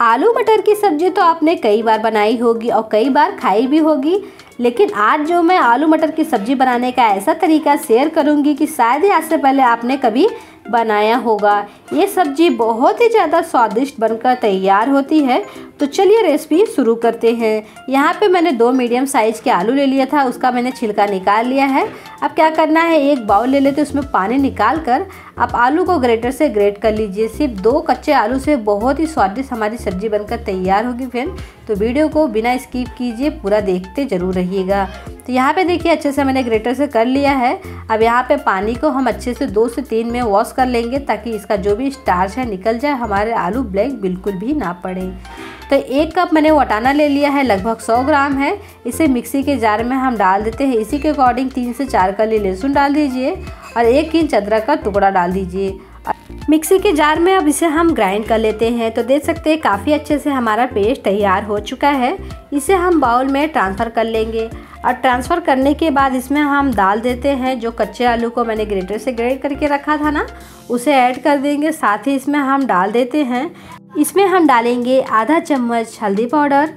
आलू मटर की सब्ज़ी तो आपने कई बार बनाई होगी और कई बार खाई भी होगी लेकिन आज जो मैं आलू मटर की सब्ज़ी बनाने का ऐसा तरीका शेयर करूंगी कि शायद ही आज से पहले आपने कभी बनाया होगा ये सब्जी बहुत ही ज़्यादा स्वादिष्ट बनकर तैयार होती है तो चलिए रेसिपी शुरू करते हैं यहाँ पे मैंने दो मीडियम साइज़ के आलू ले लिया था उसका मैंने छिलका निकाल लिया है अब क्या करना है एक बाउल ले लेते उसमें पानी निकाल कर आप आलू को ग्रेटर से ग्रेट कर लीजिए सिर्फ दो कच्चे आलू से बहुत ही स्वादिष्ट हमारी सब्ज़ी बनकर तैयार होगी फ्रेंड तो वीडियो को बिना स्किप कीजिए पूरा देखते ज़रूर रहिएगा तो यहाँ पे देखिए अच्छे से मैंने ग्रेटर से कर लिया है अब यहाँ पे पानी को हम अच्छे से दो से तीन में वॉश कर लेंगे ताकि इसका जो भी स्टार्च है निकल जाए हमारे आलू ब्लैक बिल्कुल भी ना पड़े तो एक कप मैंने वटाना ले लिया है लगभग 100 ग्राम है इसे मिक्सी के जार में हम डाल देते हैं इसी के अकॉर्डिंग तीन से चार कली लहसुन डाल दीजिए और एक इंच अदरक का टुकड़ा डाल दीजिए मिक्सी के जार में अब इसे हम ग्राइंड कर लेते हैं तो देख सकते हैं काफ़ी अच्छे से हमारा पेस्ट तैयार हो चुका है इसे हम बाउल में ट्रांसफ़र कर लेंगे और ट्रांसफ़र करने के बाद इसमें हम डाल देते हैं जो कच्चे आलू को मैंने ग्रेटर से ग्रेट करके रखा था ना उसे ऐड कर देंगे साथ ही इसमें हम डाल देते हैं इसमें हम डालेंगे आधा चम्मच हल्दी पाउडर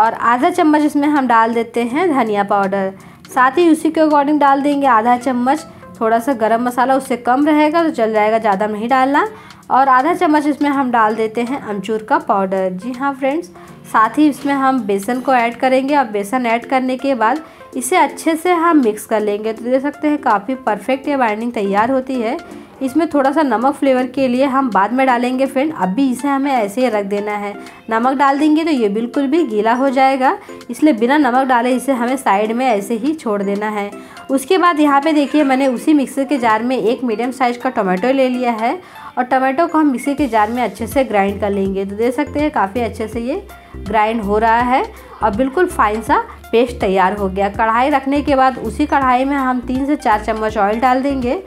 और आधा चम्मच इसमें हम डाल देते हैं धनिया पाउडर साथ ही उसी के अकॉर्डिंग डाल देंगे आधा चम्मच थोड़ा सा गरम मसाला उससे कम रहेगा तो चल जाएगा ज़्यादा नहीं डालना और आधा चम्मच इसमें हम डाल देते हैं अमचूर का पाउडर जी हाँ फ्रेंड्स साथ ही इसमें हम बेसन को ऐड करेंगे और बेसन ऐड करने के बाद इसे अच्छे से हम मिक्स कर लेंगे तो देख सकते हैं काफ़ी परफेक्ट ये बाइंडिंग तैयार होती है इसमें थोड़ा सा नमक फ्लेवर के लिए हम बाद में डालेंगे फ्रेंड अभी इसे हमें ऐसे ही रख देना है नमक डाल देंगे तो ये बिल्कुल भी गीला हो जाएगा इसलिए बिना नमक डाले इसे हमें साइड में ऐसे ही छोड़ देना है उसके बाद यहाँ पे देखिए मैंने उसी मिक्सर के जार में एक मीडियम साइज़ का टोमेटो ले लिया है और टमाटो को हम मिक्सी के जार में अच्छे से ग्राइंड कर लेंगे तो देख सकते हैं काफ़ी अच्छे से ये ग्राइंड हो रहा है और बिल्कुल फाइन सा पेस्ट तैयार हो गया कढ़ाई रखने के बाद उसी कढ़ाई में हम तीन से चार चम्मच ऑयल डाल देंगे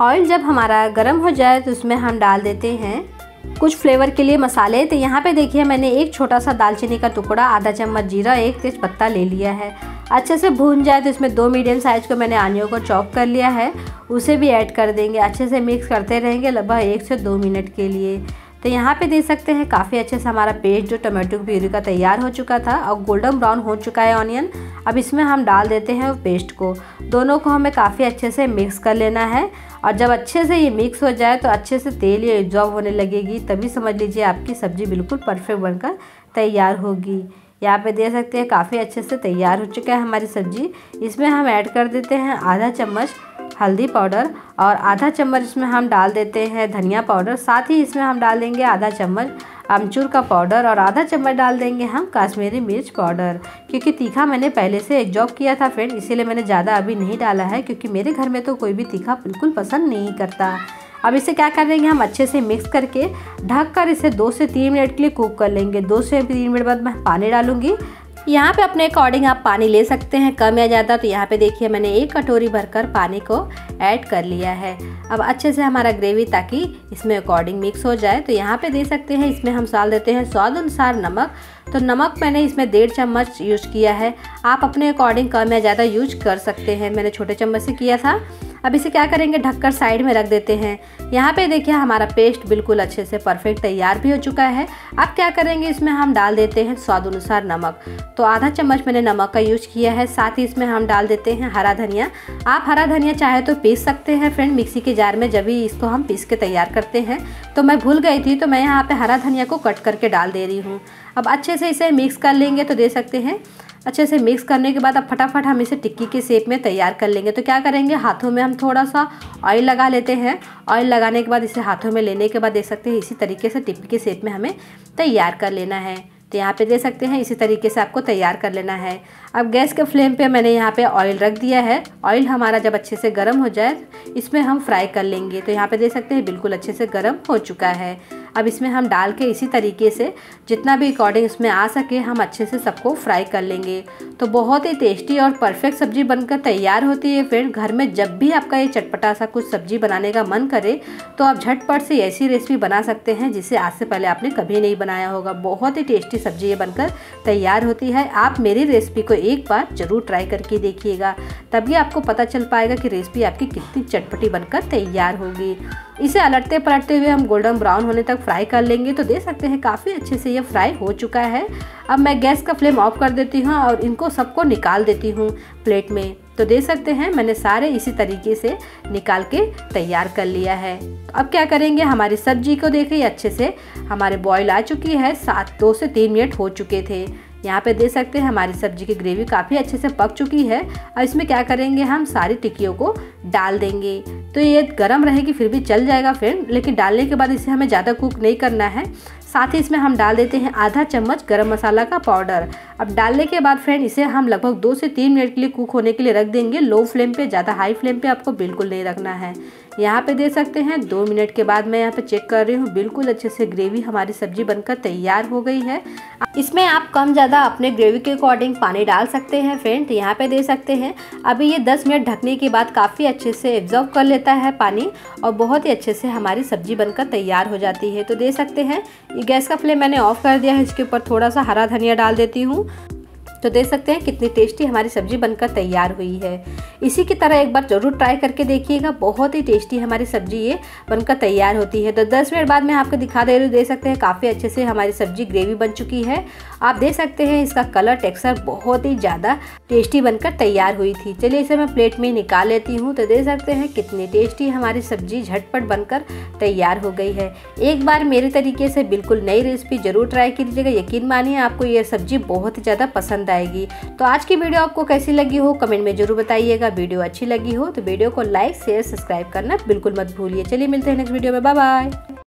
ऑयल जब हमारा गर्म हो जाए तो उसमें हम डाल देते हैं कुछ फ्लेवर के लिए मसाले तो यहाँ पे देखिए मैंने एक छोटा सा दालचीनी का टुकड़ा आधा चम्मच जीरा एक तेज पत्ता ले लिया है अच्छे से भून जाए तो इसमें दो मीडियम साइज़ को मैंने आनियों को चॉप कर लिया है उसे भी ऐड कर देंगे अच्छे से मिक्स करते रहेंगे लगभग एक से दो मिनट के लिए तो यहाँ पे देख सकते हैं काफ़ी अच्छे से हमारा पेस्ट जो टमाटो प्यूरी का तैयार हो चुका था और गोल्डन ब्राउन हो चुका है ऑनियन अब इसमें हम डाल देते हैं पेस्ट को दोनों को हमें काफ़ी अच्छे से मिक्स कर लेना है और जब अच्छे से ये मिक्स हो जाए तो अच्छे से तेल ये एब्जॉर्ब होने लगेगी तभी समझ लीजिए आपकी सब्ज़ी बिल्कुल परफेक्ट बनकर तैयार होगी यहाँ पे दे सकते हैं काफ़ी अच्छे से तैयार हो चुका है हमारी सब्ज़ी इसमें हम ऐड कर देते हैं आधा चम्मच हल्दी पाउडर और आधा चम्मच इसमें हम डाल देते हैं धनिया पाउडर साथ ही इसमें हम डाल देंगे आधा चम्मच अमचूर का पाउडर और आधा चम्मच डाल देंगे हम काश्मीरी मिर्च पाउडर क्योंकि तीखा मैंने पहले से एक जॉब किया था फ्रेंड इसीलिए मैंने ज़्यादा अभी नहीं डाला है क्योंकि मेरे घर में तो कोई भी तीखा बिल्कुल पसंद नहीं करता अब इसे क्या कर देंगे हम अच्छे से मिक्स करके ढककर इसे दो से तीन मिनट के लिए कुक कर लेंगे दो से तीन मिनट बाद मैं पानी डालूंगी यहाँ पे अपने अकॉर्डिंग आप पानी ले सकते हैं कम या ज़्यादा तो यहाँ पे देखिए मैंने एक कटोरी भरकर पानी को ऐड कर लिया है अब अच्छे से हमारा ग्रेवी ताकि इसमें अकॉर्डिंग मिक्स हो जाए तो यहाँ पे दे सकते हैं इसमें हम साल देते हैं स्वाद अनुसार नमक तो नमक मैंने इसमें डेढ़ चम्मच यूज किया है आप अपने अकॉर्डिंग कम या ज़्यादा यूज कर सकते हैं मैंने छोटे चम्मच से किया था अब इसे क्या करेंगे ढककर साइड में रख देते हैं यहाँ पे देखिए हमारा पेस्ट बिल्कुल अच्छे से परफेक्ट तैयार भी हो चुका है अब क्या करेंगे इसमें हम डाल देते हैं स्वाद अनुसार नमक तो आधा चम्मच मैंने नमक का यूज किया है साथ ही इसमें हम डाल देते हैं हरा धनिया आप हरा धनिया चाहे तो पीस सकते हैं फ्रेंड मिक्सी के जार में जब भी इसको हम पीस के तैयार करते हैं तो मैं भूल गई थी तो मैं यहाँ पर हरा धनिया को कट करके डाल दे रही हूँ अब अच्छे से इसे मिक्स कर लेंगे तो दे सकते हैं अच्छे से मिक्स करने के बाद अब फटाफट हम इसे टिक्की के शेप में तैयार कर लेंगे तो क्या करेंगे हाथों में हम थोड़ा सा ऑयल लगा लेते हैं ऑयल लगाने के बाद इसे हाथों में लेने के बाद देख सकते हैं इसी तरीके से टिक्की के शेप में हमें तैयार कर लेना है तो यहाँ पे दे सकते हैं इसी तरीके से आपको तैयार कर लेना है अब गैस के फ्लेम पे मैंने यहाँ पे ऑयल रख दिया है ऑयल हमारा जब अच्छे से गर्म हो जाए इसमें हम फ्राई कर लेंगे तो यहाँ पे दे सकते हैं बिल्कुल अच्छे से गर्म हो चुका है अब इसमें हम डाल के इसी तरीके से जितना भी अकॉर्डिंग इसमें आ सके हम अच्छे से सबको फ्राई कर लेंगे तो बहुत ही टेस्टी और परफेक्ट सब्ज़ी बनकर तैयार होती है फ्रेंड घर में जब भी आपका ये चटपटा सा कुछ सब्ज़ी बनाने का मन करे तो आप झटपट से ऐसी रेसिपी बना सकते हैं जिसे आज से पहले आपने कभी नहीं बनाया होगा बहुत ही टेस्टी सब्ज़ी ये बनकर तैयार होती है आप मेरी रेसिपी को एक बार ज़रूर ट्राई करके देखिएगा तभी आपको पता चल पाएगा कि रेसिपी आपकी कितनी चटपटी बनकर तैयार होगी इसे अलटते पलटते हुए हम गोल्डन ब्राउन होने तक फ्राई कर लेंगे तो देख सकते हैं काफ़ी अच्छे से ये फ्राई हो चुका है अब मैं गैस का फ्लेम ऑफ कर देती हूँ और इनको सबको निकाल देती हूँ प्लेट में तो देख सकते हैं मैंने सारे इसी तरीके से निकाल के तैयार कर लिया है तो अब क्या करेंगे हमारी सब्जी को देखिए अच्छे से हमारे बॉयल आ चुकी है सात दो से तीन मिनट हो चुके थे यहाँ पे देख सकते हैं हमारी सब्जी की ग्रेवी काफ़ी अच्छे से पक चुकी है और इसमें क्या करेंगे हम सारी टिक्कियों को डाल देंगे तो ये गर्म रहेगी फिर भी चल जाएगा फ्रेंड लेकिन डालने के बाद इसे हमें ज़्यादा कुक नहीं करना है साथ ही इसमें हम डाल देते हैं आधा चम्मच गरम मसाला का पाउडर अब डालने के बाद फ्रेंड इसे हम लगभग दो से तीन मिनट के लिए कुक होने के लिए रख देंगे लो फ्लेम पे ज़्यादा हाई फ्लेम पे आपको बिल्कुल नहीं रखना है यहाँ पे दे सकते हैं दो मिनट के बाद मैं यहाँ पे चेक कर रही हूँ बिल्कुल अच्छे से ग्रेवी हमारी सब्जी बनकर तैयार हो गई है इसमें आप कम ज़्यादा अपने ग्रेवी के अकॉर्डिंग पानी डाल सकते हैं फ्रेंड यहाँ पे दे सकते हैं अभी ये 10 मिनट ढकने के बाद काफ़ी अच्छे से एब्जॉर्व कर लेता है पानी और बहुत ही अच्छे से हमारी सब्जी बनकर तैयार हो जाती है तो दे सकते हैं गैस का फ्लेम मैंने ऑफ़ कर दिया है इसके ऊपर थोड़ा सा हरा धनिया डाल देती हूँ तो देख सकते हैं कितनी टेस्टी हमारी सब्ज़ी बनकर तैयार हुई है इसी की तरह एक बार ज़रूर ट्राई करके देखिएगा बहुत ही टेस्टी हमारी सब्ज़ी ये बनकर तैयार होती है तो दस मिनट बाद मैं आपको दिखा दे रही हूँ देख सकते हैं काफ़ी अच्छे से हमारी सब्ज़ी ग्रेवी बन चुकी है आप देख सकते हैं इसका कलर टेक्सचर बहुत ही ज़्यादा टेस्टी बनकर तैयार हुई थी चलिए इसे मैं प्लेट में निकाल लेती हूँ तो देख सकते हैं कितनी टेस्टी हमारी सब्ज़ी झटपट बनकर तैयार हो गई है एक बार मेरे तरीके से बिल्कुल नई रेसिपी ज़रूर ट्राई कीजिएगा यकीन मानिए आपको यह सब्ज़ी बहुत ही ज़्यादा पसंद पसंद आएगी तो आज की वीडियो आपको कैसी लगी हो कमेंट में जरूर बताइएगा वीडियो अच्छी लगी हो तो वीडियो को लाइक शेयर सब्सक्राइब करना बिल्कुल मत भूलिए चलिए मिलते हैं नेक्स्ट वीडियो में बाय बाय